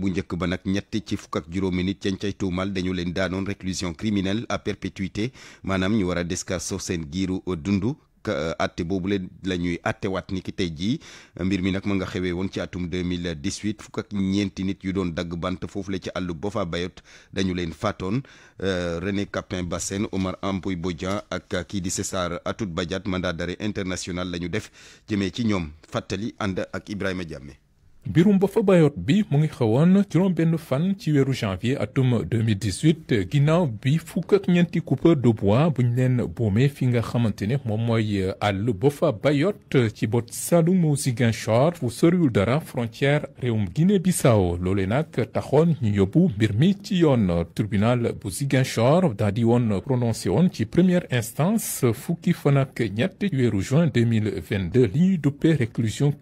bu njëkk ba nag ñett ci fukk ak juróomi nit yañ cay dañu leen daanoon réclusion criminelle à perpétuité maanaam ñu war a descarso seen giiru dundu euh, atte boobu leen la ñuy attewaat ni ki tey jii mbir mi nag ma nga xewee woon ci atum 2018 fukk ak ñeenti nit yu doon dagg bant foofu la ci àllu Bofa Bayot dañu leen faatoon euh, René Capin Bassène Omar Ampoy Bodian ak kii di César Atoute Badiate mandat d'arrêt international la ñu def jëmee ci ñoom fàttali ànd ak Ibrahima jàmme mbirum ba fa bayoot bi mu ngi xewoon juróom benn fan ci weeru janvier atum 2018 ginnaaw bi fukk ak ñeenti coupeur de bois bu ñu leen boomee fi nga xamante ne moom mooy euh, àll ba fa bayoot ci bot Saloum Ziguinchor fu soriwul dara frontière réewum Guinée Bissau loole nag taxoon ñu yóbbu mbir mi ci yoon tribunal bu Ziguinchor daa di woon prononcé woon ci première instance fukki fan ak ñett ci weeru juin 2022 li ñuy duppee réclusion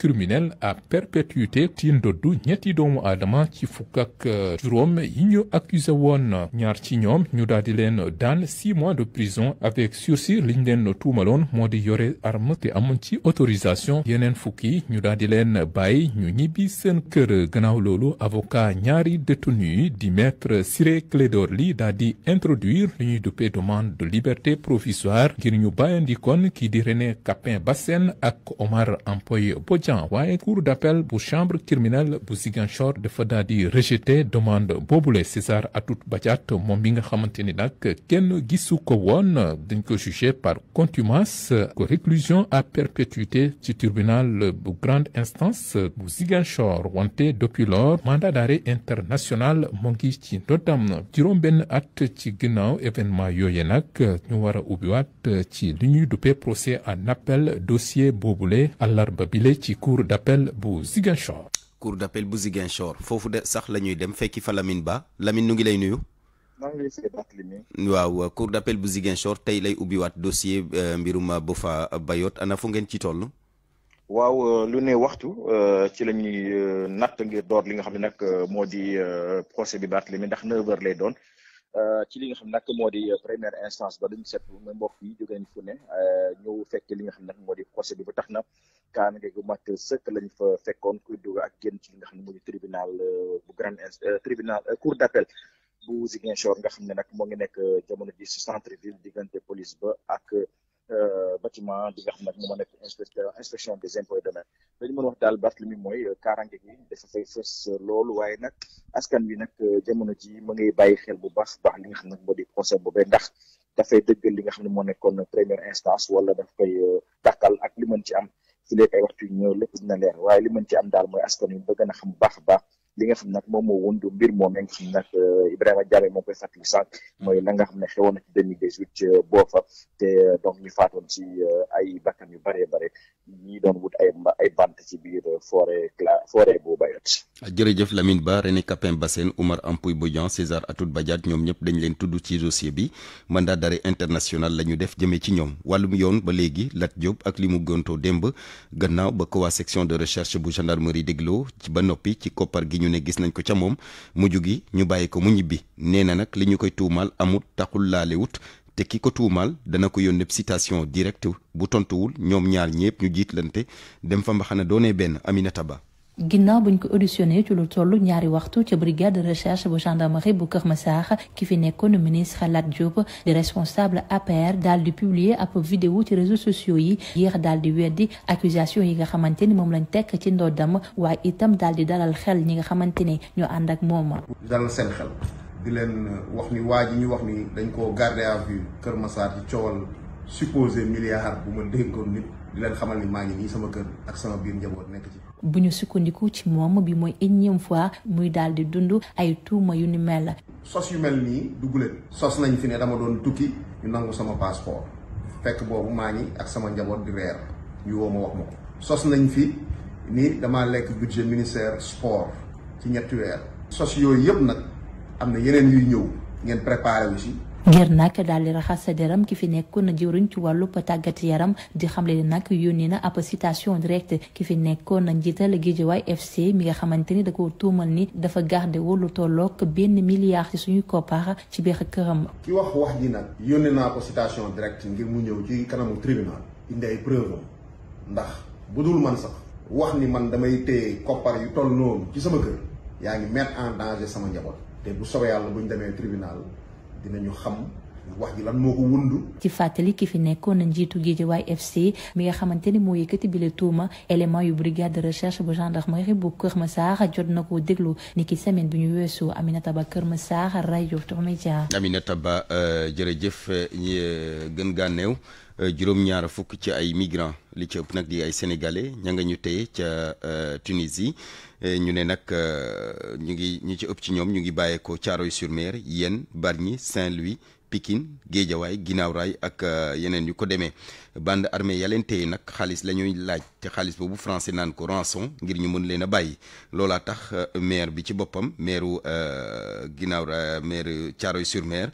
à perpétuité ci ndoddu ñetti doomu aadama ci fukk ak euh, juróom yi ñu accusé ñaar ci ñoom ñu daal di leen daan six mois de prison avec sursis liñ leen tuumaloon moo di yore arme te amuñ ci autorisation yeneen fukki ñu daal di leen bàyyi ñu ñibbi seen kër gannaaw loolu avocat ñaari détenu yi di maître Ciré Clédor Ly daal di introduire li ñuy duppee demande de liberté provisoire ngir ñu bàyyandikoon kii di René Capain Bassène ak Omar Ampoy Bodian waaye cour d'appel bu chambre tribunal bu Ziguinchor dafa daal di rejeté demande boobule César Atoute Badiate moom mi nga xamante ni nag kenn gisu ko woon dañ ko jugé par contumace ko réclusion à perpétuité ci tribunal bu grande instance bu Ziguinchor wante depuis lors mandat d'arrêt international moo ngi ci ndoddam juróom-benn at ci ginnaaw événement yooye nag ñu war a ubbiwaat ci li ñuy duppee procès à appel dossier boobule àllarba bile ci cour d'appel bu Ziguinchor cour d'appel bu Ziguinchor foofu de sax la ñuy dem fekki fa lamin Ba lamin nu ngi lay nuyu. waaw euh, cour d'appel bu Ziguinchor tey lay ubbiwaat dossier euh, mbirum Boffa Bayotte ana fu ngeen ci toll. waaw euh, lu ne waxtu ci la ñuy natt ngir door li nga xam ne nag moo di procès bi baat Barthélémy ndax 9 lay doon. Euh, ci li nga xam nag moo di euh, première instance ba duñ seetlu mooy mbokk yi jóge nañ fu ne euh, ñëw fekk li nga xam nag moo di procès bi ba tax na kaanange gu mat sëkk lañ fa fekkoon kuy dugg ak génn ci li nga xam ne moo di tribunal bu grande tribunal cour d'appel bu Ziguinchor nga xam ne nag moo ngi nekk jamono ji ci centre ville diggante police ba ak Euh, bâtiment bi nga xam nag moo nekk inspecteur inspection des impôts et domaines dañu mën wax daal Barthélemy mooy kaaraange gi dafa fay fës loolu waaye nag askan wi nag euh, jamono ji mu ngay bàyyi xel bu baax baax li nga xam nag moo di procès boobee ndax dafay dëggal li nga xam ne moo nekkoon première instance wala daf koy euh, dàkkal ak li mën ci am fi léegi ay waxtu yu ñëw lépp dina leer waaye li mën ci am daal mooy askan wi bëgg na xam bu baax baax li nga xam nag moom moo woon mbir moom nga xam nag euh, Ibrahima Diallo moom koy fàttali sànq mm. mooy la nga xam ne xewoon na ci deux mille dix huit euh, boo fa te euh, donc ñu faatoon ci ay bakkan yu bëree bare ñi doon wut ay ay bant ci biir forêt cla forêt bu Bayot. jërëjëf Lamine Ba René Capin Bassène Oumar Ampouy Bodian César Atoute Badiate ñoom ñëpp dañ leen tudd ci dossier bi mandat dare international lañu def jëmee ci ñoom wàllum yoon ba léegi Lat Diop ak li mu gontoo demb gannaaw ba ko waa section de recherche bu gendarmerie dégloo ci ba noppi ci koppar gi ñu ne gis nañ ko ca moom mujj gi ñu bàyyi ko mu ñibbi nee na nag li ñu koy tuumaal amut taxul laale wut te ki ko tuumaal dana ko yónnee citation directe bu tontuwul ñoom ñaar ñëpp ñu jiitlante dem fa mbaxana doonee benn Aminata Ba. ginnaaw buñ ko auditionné ci lu toll ñaari waxtu ca brigade de recherche bu gendarmerie bu Kër ma Massar ki fi nekkoon ministre Lat Diop di responsable APR daal di publier ab vidéo ci réseau sociaux yi yéex daal di weddi accusation yi nga xamante ni moom lañ tekk ci ndoddam waaye itam daal di dalal xel ñi nga xamante ne ñoo ànd ak moom. di leen wax ni waa ji ñu wax ni dañ koo garder à vue Kër Massar ci coowal supposé milliard bu ma dénkoon nit di leen xamal ni maa ngi nii sama kër ak sama biir njaboot nekk ci. bu ñu sukkandiku ci moom bi mooy énième fois muy daal di dund ay tuuma yu ni mel. sos yu mel nii dugg sos nañ fi ne dama doon tukki ñu nangu sama passeport fekk boobu maa ngi ak sama njaboot di weer ñu woo ma wax ma ko. sos nañ fi ni damaa lekk budget ministère sport ci ñetti weer. sos yëpp nag. am na yeneen yuy ñëw ngeen préparé wu ngir nag daal di raxas sa deram ki fi nekkoon na jëwriñ ci wàllu tàggat yaram di xamle ni nag yónni na ab citation ki fi nekkoon njiital Guédiawaye FC mi nga xamante ni da ko tuumal ni dafa gardé wu lu tolloog benn milliard ci suñu koppar ci biir këram. ki wax wax ji nag yónnee naa ko citation directe ngir mu ñëw ci kanamu tribunal indi ay preuve ndax bu dul man sax wax ni man damay téye sama kër te bu soobee yàlla bu ñu demee tribunal dinañu xam wax ji lan moo ko wundu. ci fàttali ki fi nekkoon njiitu Guédiawaye FC mi nga xamante ni moo yëkkati bile tuuma élément yu brigade de recherche bu gendarmerie bu Kër ma saax a jot na koo déglu ni ki semaine bu ñu weesu Aminata Ba Kër ma Massar rajo Futurs Médias. Aminata Ba euh, jërëjëf ñi euh, gën gànneew Euh, juróom-ñaar fukk ci ay migrants li ci ëpp nag di ay sénégalais ña nga ñu téye ca euh, Tunisie euh, ñu ne nag ñu ngi ñu ci ëpp ci ñoom ñu ngi bàyyeekoo Thiaroye-sur-Mer Yène Bargny Saint-Louis Pikine Géejawaay Ginnaaw Raay ak yeneen yu ko demee bande armée ya leen nag xaalis la laaj te xaalis boobu français naan ko rançon ngir ñu mën leen a bàyyi loolaa tax maire bi ci boppam maireu Ginnaaw maire Thiaroye-sur-Mer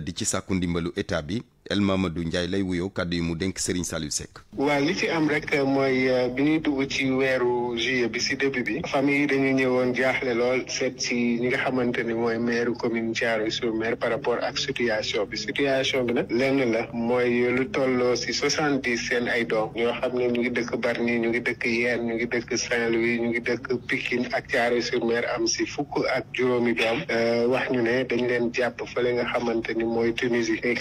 di ci sàkku ndimbalu état bi El Mamadou Ndiaye lay wuyoo kàddu yi mu dénk Serigne Saliou Seck. waaw li ci am rek mooy euh, bi ñuy dugg ci weeru juillet bi si début bi famille yi dañu ñëwoon jaaxle lool set si ñi nga xamante ni mooy maire commune Thiaroye-sur-Mer par rapport ak situation bi situation bi nag lenn la mooy lu tolloo si soixante dix seen ay doom ñoo xam ne ñu ngi dëkk Bargny ñu ngi dëkk Yène ñu ngi dëkk Saint-Louis ñu ngi dëkk Pikine ak Thiaroye-sur-Mer am si fukk ak juróomi doom euh, wax ñu ne dañ leen jàpp fële nga xamante ni mooy Tunisie et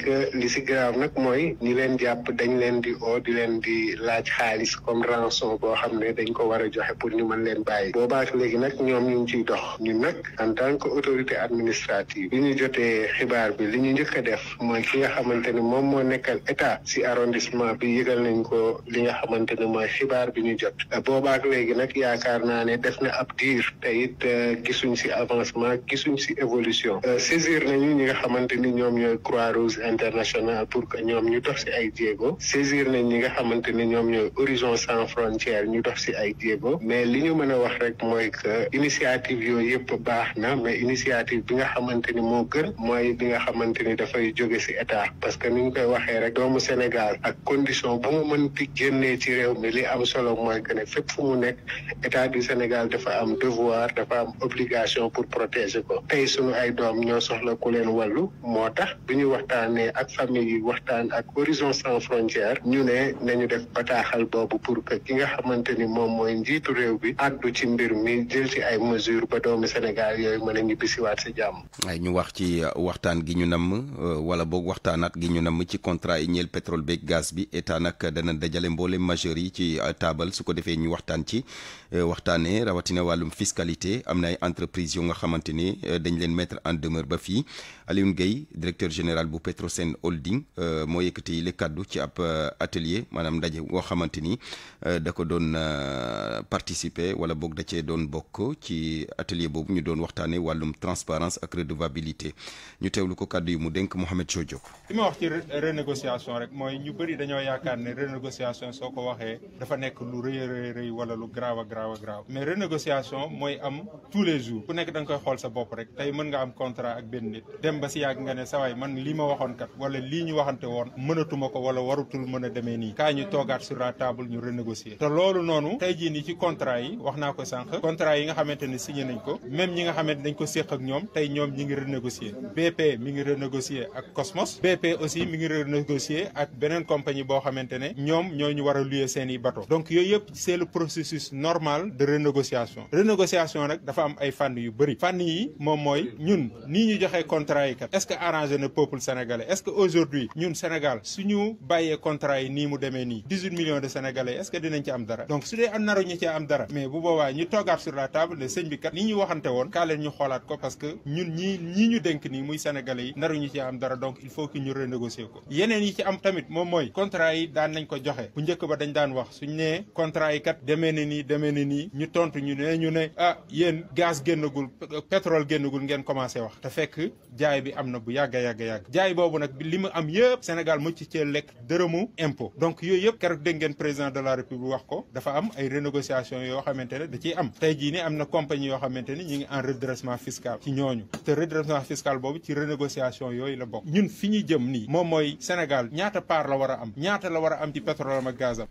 grave nag mooy ñi leen jàpp dañ leen di oo di leen di laaj xaalis comme rançon boo xam ne dañ ko war a joxe pour ñu mën leen bàyyi boobaak léegi nag ñoom ñu ngi ciy dox ñun nag en tant que autorité administrative bi ñu jotee xibaar bi li ñu njëkk a def mooy ki nga xamante ne moom moo nekkal état si arrondissement bi yëgal nañ ko li nga xamante ne mooy xibaar bi ñu jot boobaak léegi nag yaakaar naa ne def na ab diir te it euh, gisuñ si avancement gisuñ si évolution euh, saisir nañu ñi nga xamante ni ñoom ñooy Croix-Rouge international pour que ñoom ñu dox si ay jéego saisir nañ ñi nga xamante ni ñoom ñooy horizon sans frontière ñu dox si ay jéego mais li ñu mën a wax rek mooy que initiative yooyu yëpp baax na mais initiative bi nga xamante ni moo gën mooy bi nga xamante ni dafay jóge si état parce que nu ñu koy waxee rek doomu Sénégal ak condition bu mu mën di génnee ci réew mi li am solo mooy que ne fépp fu mu nekk état du Sénégal dafa am devoir dafa am obligation pour protéger ko tey suñu ay doom ñoo soxla ku leen wàllu ñuy waxtaan ak Horizon Sans Frontières ñu ne nañu def bataaxal boobu pour ki nga xamante ni moom mooy njiitu réew bi àddu ci mbir mi jël ci ay mesures ba doomi Sénégal yooyu mën a ñibbisiwaat si jàmm. ay ñu wax ci euh, waxtaan gi ñu namm euh, wala boog waxtaanaat gi ñu namm ci contrat yi ñeel pétrole beeg gaz bi état nag dana dajale mboole majeur yi ci euh, taabal su ko defee ñu waxtaan ci waxtaane rawatina wàllum fiscalité am na ay entreprises yu nga xamante ni dañ leen mettre en ba fii moom euh, moo yëkkati li kàddu ci ab euh, atelier maanaam ndaje goo xamante ni euh, da ko doon participer wala boog da cee doon bokk ci atelier boobu ñu doon waxtaanee wàllum transparence ak redevabilité ñu teewlu ko kàddu yi mu dénk Mouhamed Sodio. li ma wax ci renégociation rek mooy ñu bëri dañoo yaakaar ne renégociation soo ko waxee dafa nekk lu rëy a rëy wala lu grave a grave a grave mais renégociation mooy am tous les jours ku nekk da koy xool sa bopp rek tey mën nga am contrat ak benn nit dem ba si yàgg nga ne sawaay man ñu waxante woon mënatuma yi wax naa ko sànq contrat yi nga ngi renégocier mi ngi renégocier ak Cosmos BP aussi mi beneen compagnie boo xamante ne ñoom ñoo ñu war a luyee seen i bateau donc yooyu yëpp c'est le processus normal de renégociation renégociation nag dafa am ay fànn yu bëri fànn yi moom mooy ñun nii ñu joxe contrat yi kat est-ce que na peuple sénégalais est aujourd'hui aujourd'hui ñun Sénégal suñu bàyyee contrat yi nii mu demee nii 18 millions de sénégalais est-ce que dinañ ci am dara donc su dee am naru ñu ci am dara mais bu boobaa ñu toogaat sur la table ne sëñ bi kat ni ñu waxante woon kaa ñu xoolaat ko parce que ñun ñii ñii ñu dénk nii muy sénégalais yi naru ñu ci am dara donc il faut que ñu renégocier ko yeneen yi ci am tamit moom mooy contrat yi daan nañ ko joxe bu njëkk ba dañ daan wax suñ nee contrat yi kat demee na nii demee na nii ñu tontu ñu ne ñu ne ah yéen gaz génnagul pétrole génnagul ngeen commencé wax te fekk jaay bi am na bu yàgg yàgg a yëpp Sénégal ci cee lekk dërëmu impôt donc yooyu yëpp keroog dégg ngeen président de la république wax ko dafa am ay renégociation yoo xamante ne da am tey jii ni am na compagnie yoo xamante ni ñu ngi en redressement fiscal ci ñooñu te redressement fiscal boobu ci renégociation yooyu la bokk ñun fi ñu jëm nii moom mooy Sénégal ñaata part la war a am ñaata la war a am ci pétrole am ak gaz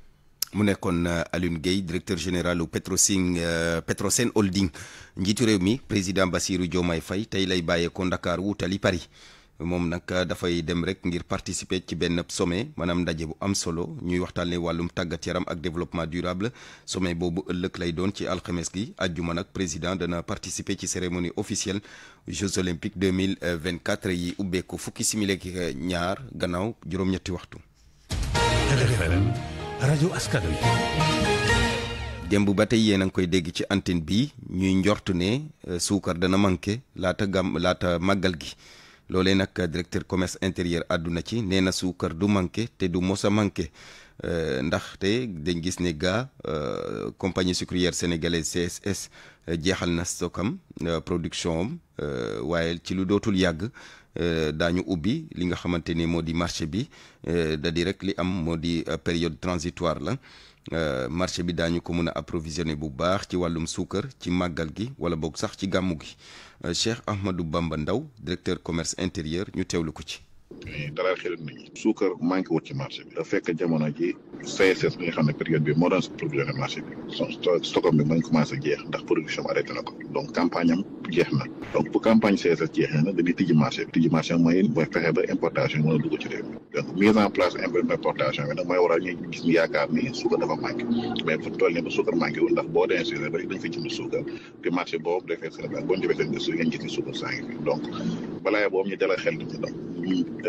mu nekkoon euh, Alioune Gueye directeur général u Petrosen euh, Petrosen Holding njiitu réew mi président Bassirou Diomaye Faye tey lay bàyyeeko Ndakaaru wutali Paris moom nag dafay dem rek ngir participer ci benn sommet maanaam ndaje bu am solo ñuy waxtaanee wàllum tàggat yaram ak développement durable sommet boobu ëllëg lay doon ci alxemes gi àjjuma nag président dana participer ci cérémonie officielle Jeux olympiques 2024 yi ko fukki simili ak ñaar gannaaw juróom-ñetti waxtu. RFM rajo démb ba tey yéen a ngi koy dégg ci antenne bi ñuy njortu ne euh, suukar dana manqué laata gam laata màggal gi loolee nag directeur commerce intérieur àdduna ci nee na suukar du manqué te du mos a manqué euh, ndaxte dañ gis ne gaa euh, compagnie sucrière sénégalaise CSS euh, jeexal na stockam production am waaye ci lu dootul yàgg daañu ubbi li nga xamante ni moo di marché bi da di rek li am moo di période transitoire la marché bi daañu ko mën a approvisionner bu baax ci wàllum suukar ci màggal gi wala boog sax ci gàmmu gi. Cheikh Ahmadou Bamba Ndaw directeur commerce intérieur ñu teewlu ko ci. ñuy dalal xel nit ñi suukar manqué wut ci marché bi da fekk jamono ji CSS bi nga xam ne période bi moo doon production marché bi stockam na ko donc campagne am na donc bu campagne CSS jeexee na dañuy tijji a ci boo demee si bari dañ fa marché boobu defee Sénégal ñu dalal xel nit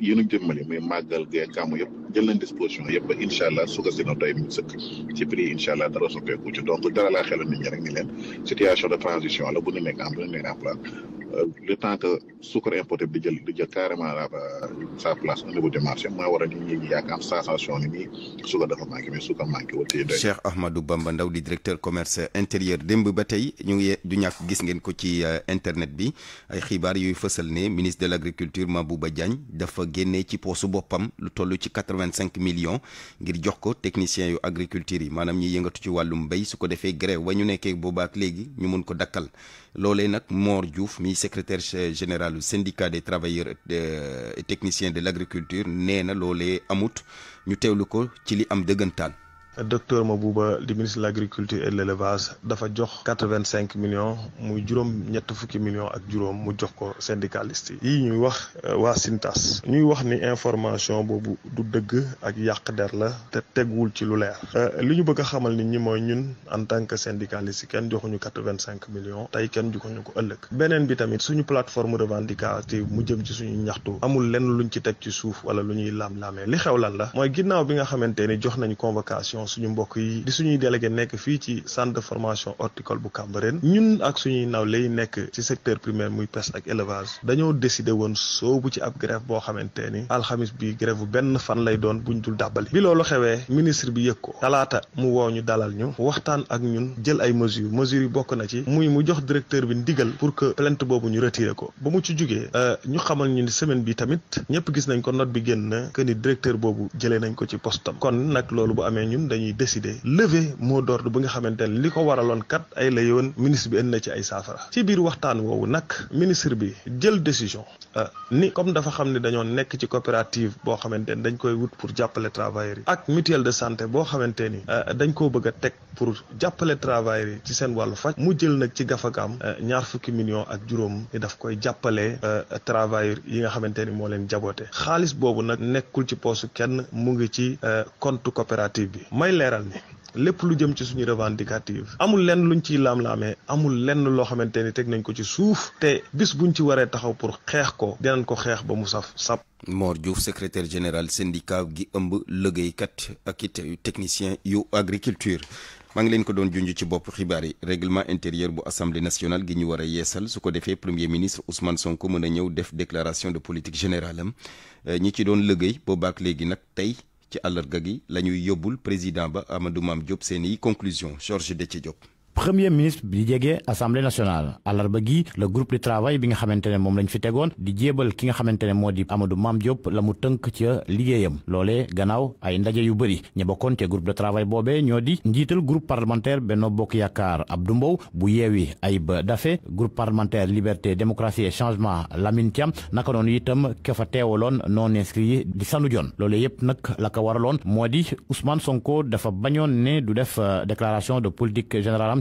yi ñu jëmmali muy màggal gee gàmmu yëpp jël nañ disposition yëpp ba allah su ko si na doy sëkk ci prix incha allah dara soppeeku ci donc dara laa xelal nit ñi rek ni leen situation de transition la bu ñu nekk en bu euh, temps que sucre importé bi di jël di jël carrément sa place au niveau du marché mooy waral nit ñi ñu yaakaar sensation ni nii su ko dafa manqué mais su ko manqué wala doy Cheikh Ahmadou Bamba Ndaw di directeur commerce intérieur démb ba tey ñu ngi du ñàkk gis ngeen ko ci euh, internet bi ay xibaar yuy fësal ne ministre de l' agriculture Mabouba Diagne dafa génnee ci poosu boppam lu toll ci quatre-vingt-cinq millions ngir jox ko techniciens yu agriculture yi maanaam ñi yëngatu ci wàllu mbay su ko defee grève wa ñu nekkee boobaak léegi ñu mun ko dakkal loolee nag Mor Diouf mi secrétaire général du syndicat des travailleurs et euh, technicien de l' agriculture nee na loolee amut ñu teewlu ko ci li am dëggantaan. docteur Mabouba di ministre de l'agriculture et de dafa jox quatre-vingt-cinq millions muy juróom ñett fukki million ak juróom mu jox ko syndicaliste yi yii ñuy wax euh, waa Sintas ñuy wax ni information boobu du dëgg ak yàq der la te teguwul ci lu leer euh, li ñu bëgg a xamal ni ñi mooy ñun en tant que syndicaliste kenn joxuñu quatre-vingt-cinq millions tey kenn joxuñu ko ëllëg beneen bi tamit suñu plateforme revendicative mu jëm ci suñu ñaxtu amul lenn luñ ci teg ci suuf wala lu ñuy laam-laamee li xew lan la ginnaaw bi nga xamante ni jox nañ convocation suñu mbokk yi di suñuy délégué nekk fii ci centre de formation horticole bu Cambérène ñun ak suñuy nawle yi nekk ci secteur primaire muy pêche ak élevage dañoo décidé woon soobu ci ab grève boo xamante ni alxamis bi grève bu benn fan lay doon buñ dul dàbbali bi loolu xewee ministre bi yëg ko talaata mu woo ñu dalal ñu waxtaan ak ñun jël ay mesures mesures yi bokk na ci muy mu jox directeur bi ndigal pour que plainte boobu ñu retiré ko ba mu ci jógee euh, ñu xamal ñu ni semaine bi tamit ñëpp gis nañ ko note bi génn que ni directeur boobu jëlee nañ ko ci postam kon nag loolu bu amee ñun ñuy décider lever mot d'ordre bu nga xamante ne li ko waraloon kat ay la yoon ministre bi indi na ci ay saafara ci biir waxtaan woowu nag ministre bi jël décision euh, ni comme dafa xam ne dañoo nekk ci coopérative boo xamante ni dañ koy wut pour jàppale travailleurs ak mutuelle de santé boo xamante ni euh, dañ koo bëgg a teg pour jàppale travailleurs yi ci seen wàllu faj mu jël nag ci gafagaam euh, ñaar fukki million ak juróom ni daf koy jàppale travailleurs yi nga xamante ni moo leen jaboote xaalis boobu nag nekkul ci poosu kenn mu ngi ci compte coopérative bi may leeral lépp lu jëm ci suñu revendicative amul lenn luñ ciy laam-laamee amul lenn loo xamante ni teg nañ ko ci suuf te bis buñ ci waree taxaw pour xeex ko dinañ ko xeex ba mu saf sap Mor Diouf secrétaire général syndicat gi ëmb kat ak it technicien yu agriculture maa ngi leen ko doon junj ci bopp xibaar yi règlement intérieur bu assemblée nationale gi ñu war a yeesal su ko defee premier ministre Ousmane Sonko mën a ñëw def déclaration de politique générale am eh, ñi ci doon liggéey boobaak léegi nag tey ci àllarga gi la ñuy yóbbul président ba Amadou Mame Diop seen i conclusion Georges Dethié Diop premier ministre bi jege assemblée nationale àllarba gi le groupe de travail bi nga xamante ne moom lañ fi tegoon di jébal ki nga xamante ne moo di Amadou Mame Diop la mu tënk ca liggéeyam loole gannaaw ay ndaje yu bëri ña bokkoon ca groupe de travail boobee ñoo di njiital groupe parlementaire Benno Bokk Yaakaar Abdou Mbow bu yeewi ba Daffé groupe parlementaire Liberté Démocratie et Changement Lamine Thiam naka noonu itam ke fa teewaloon non inscrit yi di Sanu yëpp nag la ko waraloon moo di Ousmane Sonko dafa bañoon ne du def euh, déclaration de politique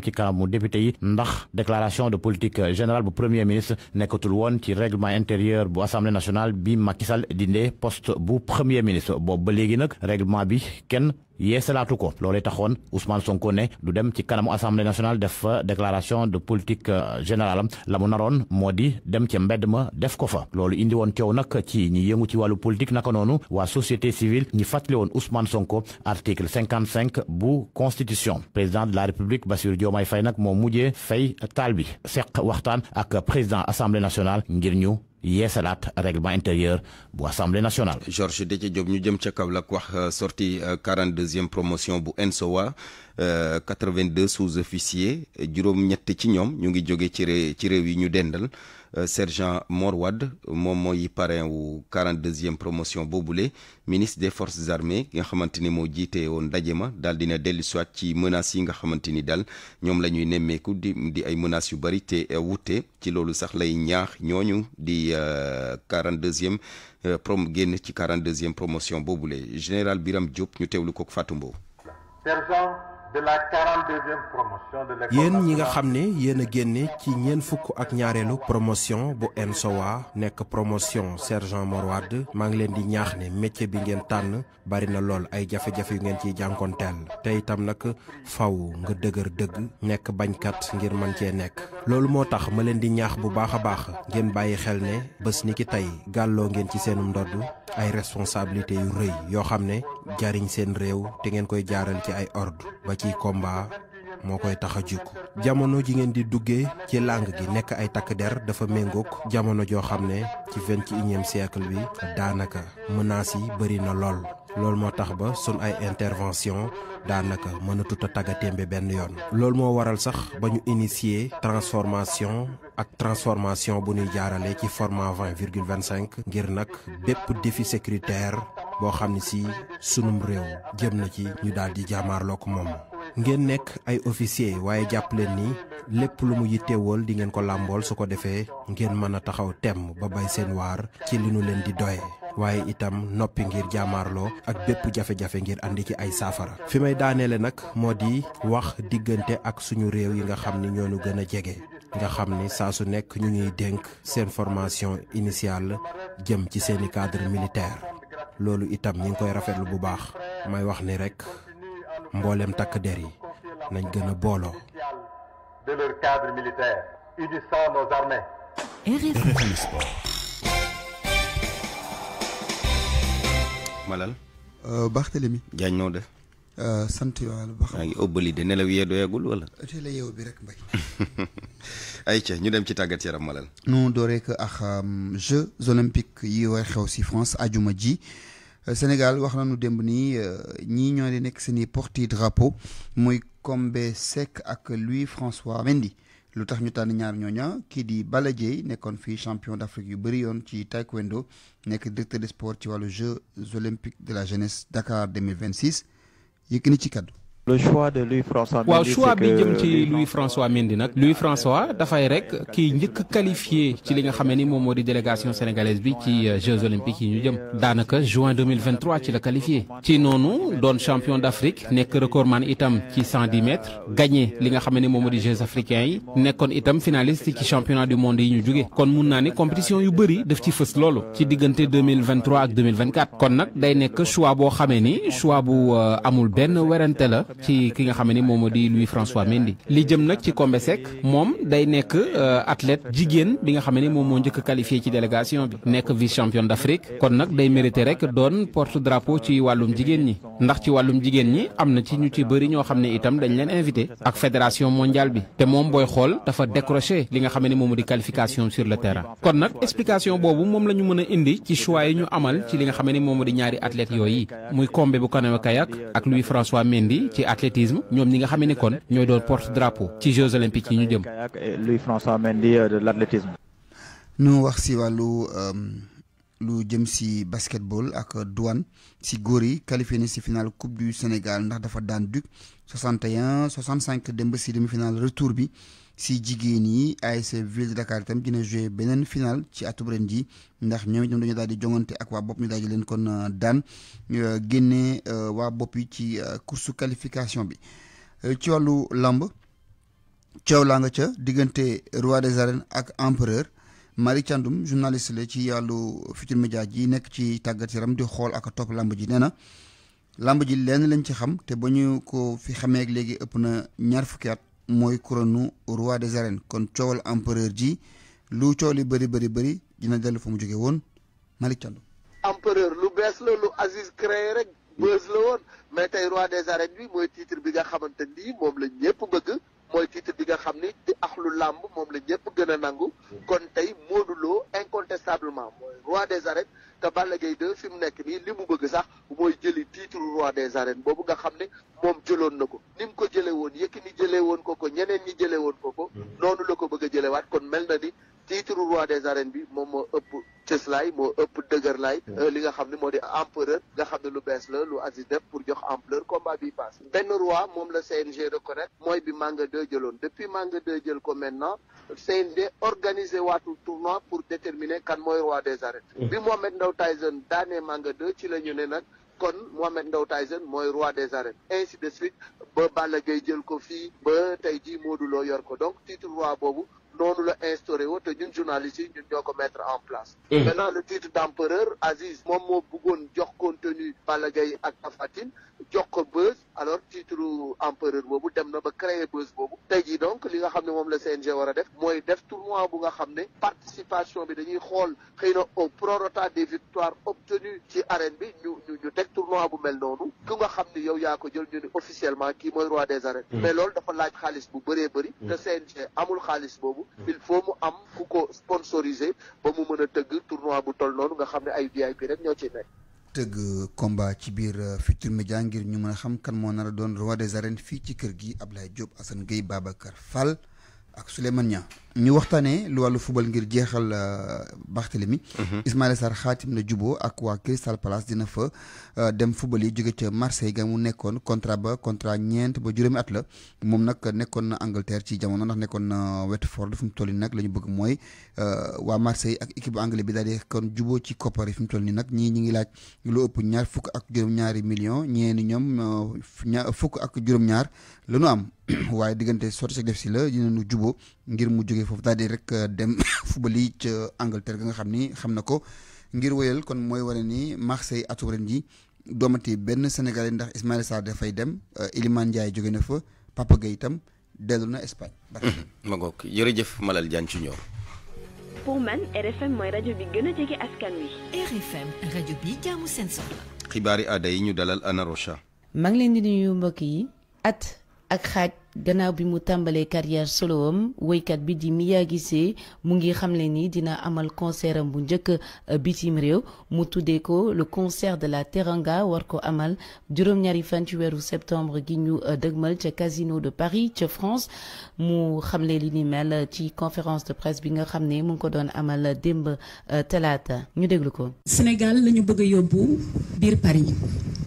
ci kanamu député yi ndax déclaration de politique générale bu premier ministre nekkatul woon ci règlement intérieur bu assemblée nationale bi Macky Sall dindee poste bu premier ministre boobu ba léegi nag règlement bi kenn yeesalaatu ko loolee taxoon Ousmane Sonko ne du dem ci kanamu assemblée nationale def fa déclaration de politique euh, générale am la mu naroon moo di dem ca mbedd ma def ko fa loolu indi woon coow nag ci ñi yëngu ci wàllu politique naka noonu waa société civile ñi fàttali woon Ousmane Sonko article cinquante cinq bu constitution président de la république Bassirou Diomaye fay nag moo mujjee fay taal bi seq waxtaan ak président assemblée nationale ngir ñu. yeesalaat règlement intérieur bu assemblée national Georges Déthié Diop ñu jëm ca Kaolack wax euh, sorti 42 euh, deuxième promotion bu ENSOA. 82 euh, sous-officiers juróom-ñett ci ñoom ñu ngi jogee ci ré ci réew yi ñu dendal euh, sergent Mor Wade moom mooy parrain wu 42e promotion boobule ministre des forces armées ki nga xamante ni moo jiite woon ndaje ma daal dina dellu soit ci menaces yi nga xamante ni daal ñoom la ñuy nemmeeku di di ay menaces yu bari te euh, wute ci loolu sax lay ñaax ñooñu di 42e prom génn ci 42e promotion boobule général Biram Diop ñu teewlu ko Fatou yéen ñi nga xam ne yéen a génne ci ñeent fukk ak ñaareelu promotion bu ENSOA nekk promotion sergent Mor Wade maa ngi leen di ñaax ne métier bi ngeen tànn bari na lool ay jafe-jafe yu ngeen ciy jànkoonteel tey itam nag faw nga dëgër dëgg nekk bañkat ngir man cee nekk. loolu moo tax ma leen di ñaax bu baax a baax ngeen bàyyi xel ne bés ni ki tey gàlloo ngeen ci seenum ndodd ay responsabilité yu rëy yoo xam ne jariñ seen réew te ngeen koy jaaral ci ay ordre ba ci komba moo koy tax a jug jamono ji ngeen di dugge ci langue gi nekk ay takk der dafa méngoog jamono joo xam ne ci vingt et unième siècle bi daanaka menaces yi bëri na lool loolu moo tax ba sun ay intervention daanaka mënatut a taggatémbe benn yoon loolu moo waral sax ba ñu initier transformation ak transformation bu ñuy jaarale ci format vingt virgule vingt cinq ngir nag bépp défi sécuritaire boo xam ne si sunum réew jëm na ci ñu daal di jaamaarloo ko moom ngeen nekk ay officier waaye jàpp leen ni lépp lu mu yitteewal di ngeen ko làmbool su ko defee ngeen mën a taxaw temm ba bay seen waar ci li nu leen di doye waaye itam noppi ngir jaamaarloo ak bépp jafe-jafe ngir andi ci ay saafara fi may daaneele nag moo di wax diggante ak suñu réew yi nga xam ni ñoo ñu gën a jege. nga xam ni saa su nekk ñu ñuy dénk seen formation initiale jëm ci seeni cadre militaire loolu itam ñu ngi koy rafetlu bu baax may wax ni rekk mboolem takk der yi nañ gën a booloo. Malal. Euh, Barthélémy. Diagne noo def. Euh, sant yow bu baax. maa ngi ëbbali de nelaw yee doyagul wala. teel yeew bi rek mbay. ayca ñu dem ci tàggat yaram Malal. nu dooree ko ak euh, Jeux olympiques yi war xew si France ajuma ji. Sénégal wax na nu démb nii ñii ñoo di nekk seeni porte drapeau muy Combé Seck ak Louis François Mendy. lu tax ñu tànn ñaar ñooña kii di Balla Dièye nekkoon fii champion d' Afrique yu bëri yoon ci taekwondo nekk directeur des sports ci wàllu Jeux olympiques de la jeunesse Dakar 2026 ni ci kaddu. le choix de Louis François Mendy waaw choix bi jëm ci Louis François Mendy nag Louis François dafay rek kii njëkk qualifié ci li nga xamee ni moom moo di délégation sénégalaise bi ci euh, Jeux olympiques yi ñu jëm daanaka juin 2023 ci la qualifié ci noonu doon champion d'Afrique nekk recordman itam ci 110 mètres gagné li nga xamee ni moom moo di Jeux africains yi nekkoon itam finaliste ci championnat du monde yi ñu jóge kon mun naa ni compétition yu bëri daf ci fës loolu ci diggante 2023 ak 2024 kon nag day nekk choix boo xamee ni choix bu euh, amul benn werante la ci ki nga xam ni moom di Louis François Mendy. li jëm nag ci Combé Seck moom day nekk euh, athlète jigéen bi nga xam ne moom moo njëkk qualifié ci délégation bi nekk vice champion d'Afrique kon nag day mérité rek doon porte drapeau ci wàllum jigéen ñi ndax ci wàllum jigéen ñi am na ci ñu ci bari ñoo xam ne itam dañ leen invité ak fédération mondiale bi te moom booy xool dafa décroché li nga xam ne moom di qualification sur le terrain kon nag explication boobu moom la ñu mën a indi ci li nga xam athlétisme ñoom ñi nga xam ne kon ñooy doon porte drapeau ci Jeux olympiques yi ñu jëm. Louis François Mendy euh, de l'athlétisme. wax si wàllu euh, lu jëm si basketball ak douane si góor yi qualifié si finale coupe du Sénégal ndax dafa daan Duc 61 65 dem ba si demi-finale retour bi. si jigéen yi ASC ville de Dakar itam dina joué beneen final ci atub ren ji ndax ñoom dañu daal di jongante ak waa bopp ñu daal di leen kon euh, daan euh, génnee euh, waa bopp yi ci course qualification bi ci wàllu lamb coow laa nga ca diggante roi des arènes ak empereur Marie Thiandoum journaliste la ci wàllu Futurs Médias ji nekk ci tàggat yaram di xool ak topp lamb ji nee na lamb ji lenn lañ ci xam te ba ñu ko fi xamee ak léegi ëpp na ñaar fukki at mooy couronne roi des arènes kon coowal empereur ji lu coow li bëri bëri bëri dina dellu fa mu jóge woon Malick Thiandou empereur lu bees la lu Aziz créé rek bees la woon mais tey roi des arènes bi mooy titre bi nga xamante ni moom la ñëpp bëgg mooy titre bi nga xam ni di lu làmb moom la ñëpp gën nangu kon tey Modou Lo incontestablement mooy roi des arènes te Balla Gaye 2 fi mu nekk nii li mu bëgg sax mooy jëli titre roi des arènes boobu nga xam ne moom jëloon na ko jële woon ko ko hmm. noonu la ko bëgg a waat kon mel na ni titre roi des arènes bi moom moo ëpp cëslaay moo ëpp dëgër laay hmm. euh, li nga xam ne moo di empereur nga xam ne lu bees la lu Aziz def pour jox ampleur combat bi passe benn roi moom la CNG reconnaître mooy bi Manga 2 jëloon depuis Manga 2 jël ko maintenant CNG organiser waatu tournoi pour déterminer kan mooy roi des arènes hmm. bi Mohamed Ndao Tyson daanee Manga 2 ci la ñu ne nag kon Mohamed Ndao Tyson mooy roi des arènes ainsi de suite ba Balla Gaye jël ko fii ba tey jii Modou Lo yor ko donc titre roi boobu noonu la instauré woo te ñun journalistes yi ñun ñoo ko mettre en place. Mm. maintenant le titre d'empereur Aziz moom moo bëggoon jox contenu Balla Gaye ak Tapha Tine jox ko buzz alors titre empereur boobu dem na ba créer buzz boobu tey jii donc li nga xam ne moom la CNG war a def mooy def tournoi bu nga xam ne participation bi dañuy xool xëy na au prorata des victoires obtenues ci arène bi ñu ñu ñu teg tournoi bu mel noonu ku nga xam ne yow yaa ko jël ñu ne officiellement kii mooy roi des arènes mm. mais loolu dafa laaj xaalis bu bëree bëri mm. te amul xaalis boobu il faut mu am ku ko sponsoriser ba mu mën a tëgg tournoi bu toll noonu nga xam ne ay VIP rek ñoo ci nekk. tëgg combat ci biir euh, Futurs Médias ngir ñu mën a xam kan moo nar a doon roi des arènes fii ci kër gi Ablaye Diop Assane Gueye Babacar Fall ak Souleymane ñu waxtaanee lu wàllu football ngir jeexal euh, Barthélemy mhm. Ismaïla Sarr xaatim na juboo ak waa Crystal Palace dina fa euh, dem football yi jóge ca Marseille ga mu nekkoon contrat ba contrat ñeent ba juróomi at la moom nag nekkoon na Angleterre ci jamono ndax nekkoon na Watford fi mu toll nii nag la ñu bëgg mooy euh, waa Marseille ak équipe anglais bi daal di kon juboo ci koppar yi fi mu toll nii nag ñii ñi ngi laaj lu ëpp ñaar fukk ak juróom-ñaari millions ñeeni ñoom ña fukk ak juróom-ñaar la am ngir mu jóge foofu daal di rek euh, dem football yi ca Angleterre ga nga xam ni xam na ko ngir wéyal kon mooy wane nii Marseille atum ren ji doomati benn Sénégalais ndax Ismaïla Sarr dafay dem euh, Iliman Ndiaye jóge na fa Papa Gueye itam dellu na Espagne. Mhm. ma ngoog jërëjëf Malal Diagne ci ñëw. pour man RFM mooy rajo bi gën a jege askan wi. RFM rajo bi jaamu seen soxla. xibaari aada yi ñu dalal Ana Rocha. leen di nuyu mbokk yi. at ak xaaj. gannaaw bi mu tàmbalee carrière solo am woykat bi di Mia Guissé mu ngi xamle ni dina amal concert bu njëkk euh, bitim réew mu tuddee ko le concert de la Teranga war ko amal juróom-ñaari fan ci weeru septembre gi ñu euh, dëgmal ca Casino de Paris ca France mu xamle li ni mel ci conférence de presse bi nga xam ne mu ngi ko doon amal démb euh, talaata ñu déglu ko. Sénégal lañu bëgg a yóbbu biir Paris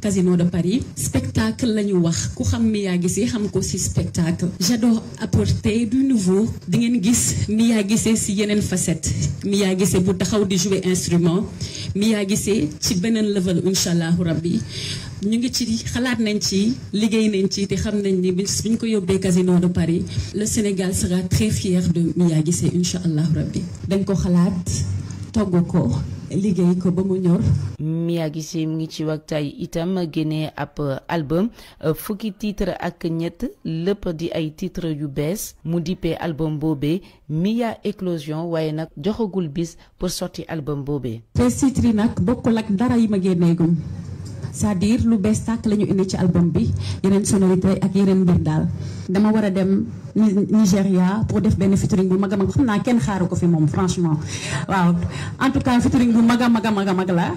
Casino de Paris spectacle lañu wax ku xam Mia Guissé xam ko ci spectacle j'adore apporter du nouveau di ngeen gis Mia gisee si yeneen facette Mia Guissé bu taxaw di jouer instrument Mia Guissé ci beneen level incha allahu rabbi ñu ngi ci xalaat nañ ci liggéey nañ ci te xam nañ ni bu ñu ko yóbbee Casino de Paris le Sénégal sera très fier de Mia gisee incha allahu rabbi dañ ko xalaat togg ko liggéey ko ba mu ñor. Mia Guissé mu ngi ci waxtaay itam a génne ab album euh, fukki titre ak ñett lépp di ay titre yu bees mu dippee album boobee Mia éclosion waaye nag joxagul bis pour sorti album boobee. te cest diir lu bees tàkk la ñu indi ci album bi yeneen sonorité ak yeneen mbir daal dama war a dem Nigéria pour def benn featuring bu mag a mag xam naa kenn xaaru ko fi moom franchement waaw en tout cas featuring bu mag a mag a mag mag la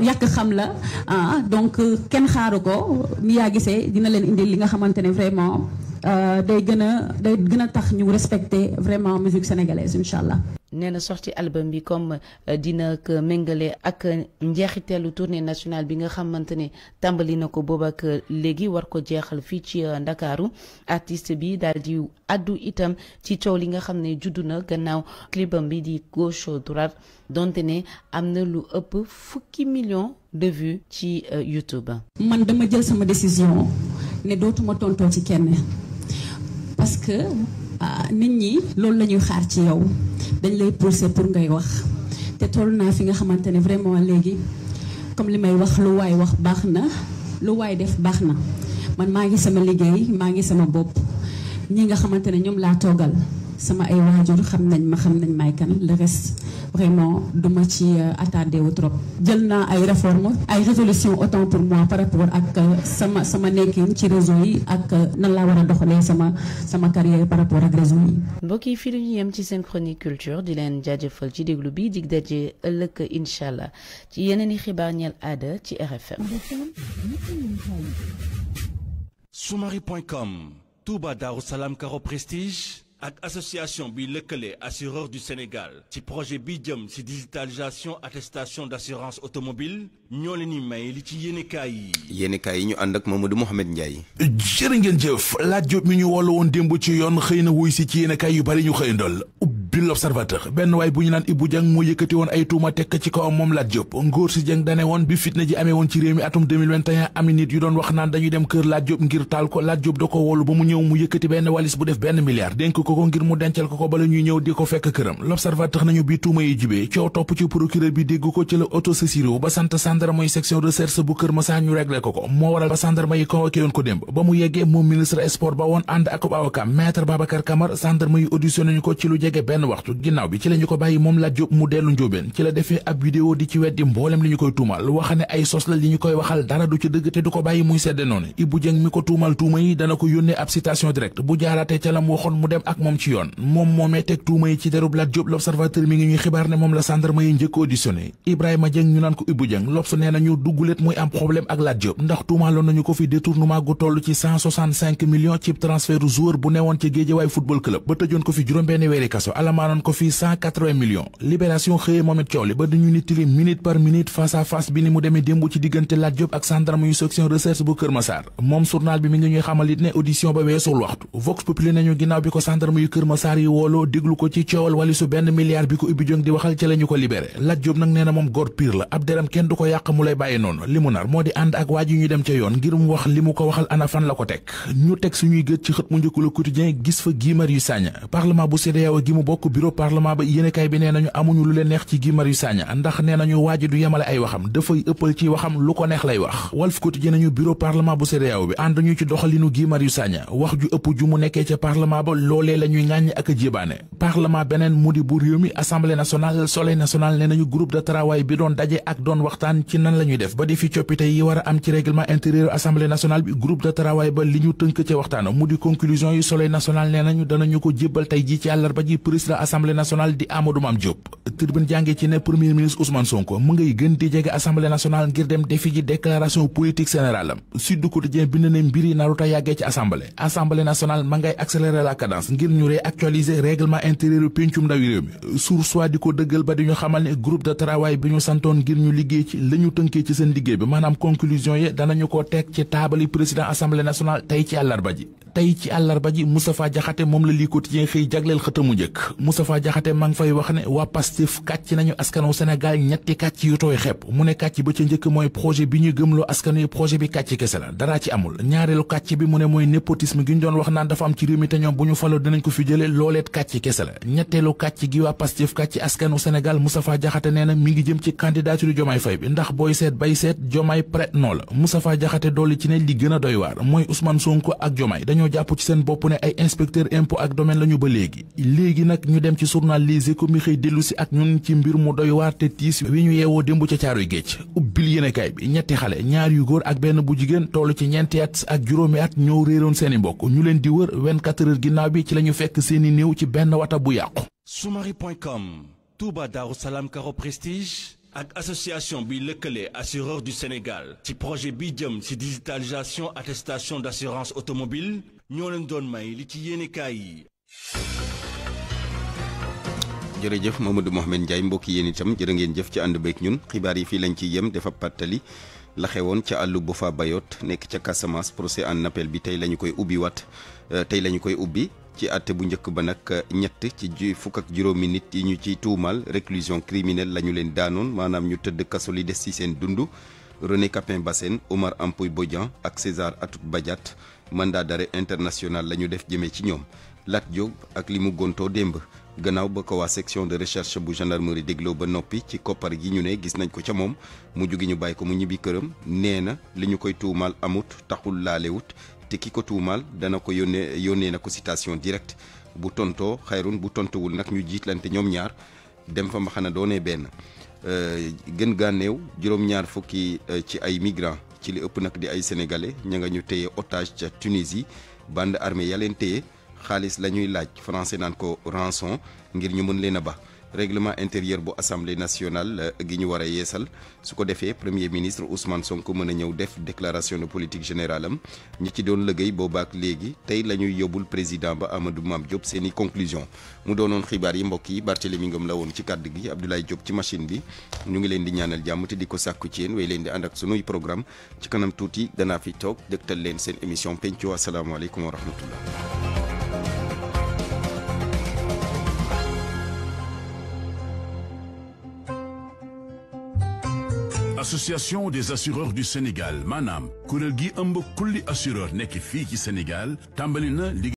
yàq xam la ah donc kenn xaaru ko mi yaa gisee dina leen indi li nga xamante ne vraiment euh, day gën a day gën a tax ñu respecter vraiment musique sénégalaise incha allah nee na sorti album bi comme euh, dina méngale ak njeexiteelu tournée nationale bi nga xamante ne tàmbali na ko boobu léegi war ko jeexal fii ci euh, ndakaaru artiste bi daal di addu itam ci coow li nga xam ne juddu na gannaaw clipam bi di gauche droite donte ne am na lu ëpp fukki million de vues ci euh, YouTube. man dama jël sama décision ne dootuma tontoo ci kenn parce Ah, nit ñi loolu la ñuy xaar ci yow dañ lay pousser pour ngay wax te toll naa fi nga xamante ne vraiment léegi comme li may wax lu waay wax baax na lu waay def baax na man maa ngi sama liggéey maa ngi sama bopp ñi nga xamante ne ñoom laa toogal sama ay waajur xam nañ ma xam nañ may kan le vraiment du ma ci euh, attardé wu trop jël naa ay réformes ay résolution autant pour moi par rapport ak euh, sama sama nekkin ci réseau yi ak euh, nan laa war a doxalee sama sama carrière par rapport ak réseau yi. mbokk yi fii yem ci seen chronique culture di leen jaajëfal ci déglu bii dig daje ëllëg incha allah ci yeneen i xibaar ñeel aada ci RFM. Soumari.com Touba ak association bi lëkkalee assureur du Sénégal ci projet bi jëm ci digitalisation attestation d'assurance automobile ñoo leen di may li ci yéenekaay yi yéenekaay yi ñu ànd ak Mamadou Mouhamed Ndiaye jërë ngeen jëf laaj Jóob mi ñu wolu woon démb ci yoon xëy na wuy si ci yéenekaay yu bari ñu xëyandool ubbi l'observateur benn waay bu ñu naan Ibou Dieng moo yëkkati woon ay tuuma tekk ci kawam moom Lat Diop ngóor si Dieng dane woon bi fitna ji amee woon ci réew mi atum 2021 nit yu doon wax naan dañuy dem kër Lat Diop ngir taal ko Lat Diop da ko wolu ba mu ñëw mu yëkkati benn walis bu def benn milliard dénk ko ko ngir mu dencal ko ko bala ñuy ñëw di ko fekk këram l'observateur nañu bi tuuma yi jibee coow topp ci procureur bi dégg ko ci la autosasiro ba ba benn waxtu ginnaaw bi ci la ñu ko bàyyi moom Lat Diop mu dellu njóobeen ci la defee ab vidéo di ci weddi mboolem li ñu koy tuumal wax ne ay sos la li ñu koy waxal dara du ci dëgg te du ko bàyyi muy sedde noonu Ibou Dieng mi ko tuumal tuuma yi dana ko yónnee ab citation directe bu jaaraatee ca la mu waxoon mu dem ak moom ci yoon moom moomee teg tuuma ci derub Lat Diop l'observateur mi ngi ñuy xibaar ne moom la gendarme yi njëkk auditionné Ibrahima palamaanoon ko fii 180 millions xëyee moom coow li ba duñu nittali minute par minute face à bi ni mu demee démb ci diggante Lat ak gendarme yu section recherche bu Kër Massar moom journal bi mi ngi ñuy xamal ne audition ba weesul waxtu vox populi nañu ginnaaw bi ko gendarme yu Kër Massar yi wooloo déglu ko ci coowal wali benn milliard bi ko ubbi jong di waxal ca ñu ko libéré Lat nag nee moom góor pire la ab deram kenn du ko bokk bureau parlement bi nee nañu amuñu lu leen neex ci Guy Marius Sagna ndax nee nañu waaji du yemale ay waxam dafay ëppal ci waxam lu ko neex lay wax Walf Quotidien nañu bureau parlement bu CEDEAO bi ànd ñu ci doxalinu Guy Marius Sagna wax ju ëpp ju mu nekkee ca parlement ba loolee la ñuy ak a jébaane parlement beneen mu di bu réew mi assemblée nationale soleil nañu groupe de travail bi doon daje ak doon waxtaan ci nan la def ba di fi coppite yi war a am ministre assemblée di Amadou Mame Diop tribune ci ne premier ministre Ousmane Sonko mu ngay gën di jege assemblée nationale ngir dem defi ji déclaration politique générale am Sud Quotidien bind ne mbir yi naruta yàggee ci assemblée assemblée nationale ma ngay accélérer la ngir ñu réactualiser règlement intérieur yu ndawi réew mi sur soit di ko dëggal ba di ñu xamal ne groupe de travail bi ñu santoon ngir ñu liggéey ci la tënkee ci seen Moustapha Diakhaté ma ngi fay wax ne waa Pastef kàcc nañu askanu Sénégal ñetti kàcc yu tooy xepp mu ne kàcc ba ca njëkk mooy projet bi ñuy gëmloo askan wi projet bi kàcc kese la dara ci amul ñaareelu kàcc bi mu ne mooy népotisme gi ñu doon wax naan dafa am ci réew mi te ñoom bu ñu faloo dinañ ko fi jëlee looleet kàcc kese la ñetteelu kàcc gi waa Pastef kàcc askanu Sénégal Moustapha Diakhaté nee na mi ngi jëm ci candidature Diomaye Faye bi ndax booy seet bay seet Diomaye prêt noo la Moustapha Diakhaté dolli ci ne a doy waar mooy Ousmane Sonko ak Diomaye dañoo jàpp ci seen bopp ne ay inspecteur impôt ak domaine lañu ba léegi léegi nag ñu dem ci journal Les Échos mi xëy dellu si ak ñun ci mbir mu doy te tiis wi ñu yeewoo démb ca caaruy géej ubbil yéenekaay bi ñetti xale ñaar yu góor ak benn bu jigéen toolu ci ñeenti at ak juróomi at ñoo réeroon seeni mbokk ñu leen di wër 24 heures ginnaaw bi ci lañu fekk seeni néew ci benn wata bu yàqu sumari.com Touba Darou Salam Caro Prestige ak association bi lëkkalee assureur du Sénégal ci projet bi jëm ci digitalisation attestation d'assurance automobile ñoo leen doon may li ci yéenekaay yi jërëjëf Mamadou Mohamed Ndiaye mbokk yéen itam jërë ngeen jëf ci ànd beeg ñun xibaar yi fii lañ ci yem dafa pàttali la xewoon ca àllu Bofa Bayot nekk ca Casamance procès en appel bi tey la ñu koy ubbi wat euh, tey lañu koy ubbi ci àtte bu njëkk ba nag euh, ñett ci ji fukk ak juróomi nit yi ñu ciy tuumaal réclusion criminelle la ñu leen daanoon maanaam ñu tëdd kaso li des ci seen dund René Capin Bassène Omar Ampoy Bodian ak César Atoute Badiate mandat dare international la ñu def jëmee ci ñoom Lat Diop ak li mu gontoo démb gannaaw ba ko waa section de recherche bu gendarmerie dégloo ba noppi ci koppar gi ñu ne gis nañ ko ca moom mu gi ñu bàyyi ko mu ñibbi këram nee na li ñu koy tuumaal amut taxul laalewut te ki ko tuumaal dana ko yónnee yónnee na ko citation direct bu tontoo xayrun bu tontuwul nag ñu jiitlante ñoom ñaar dem fa mbaxana doonee benn euh, gën gànneew juróom-ñaar fukki euh, ci ay migrants ci li ëpp nag di ay sénégalais ña nga ñu téye otage ca Tunisie bande armée ya leen téye xaalis la ñuy laaj français naan ko rançon ngir ñu mën leen a ba règlement intérieur bu assemblée nationale euh, gi ñu war a yeesal su ko defee premier ministre Ousmane Sonko mën a ñëw def déclaration de politique générale am ñi ci doon liggéey boobaak léegi tey la ñuy yóbbul président ba Amadou Mame Diop seen i conclusion mu doonoon xibaar yi mbokk yi Barthélémy Ngom la woon ci kàddu gi Abdoulaye Diop ci machine bi ñu ngi leen di ñaanal jàmm te di ko sàkku ci yéen way leen di ànd ak ci kanam tuuti danaa fi toog dëgtal leen seen émission penco asalaamaaleykum wa association des assureurs du Sénégal maanaam kuréel gi ëmb kulli assureur nekk fii ci Sénégal tàmbali na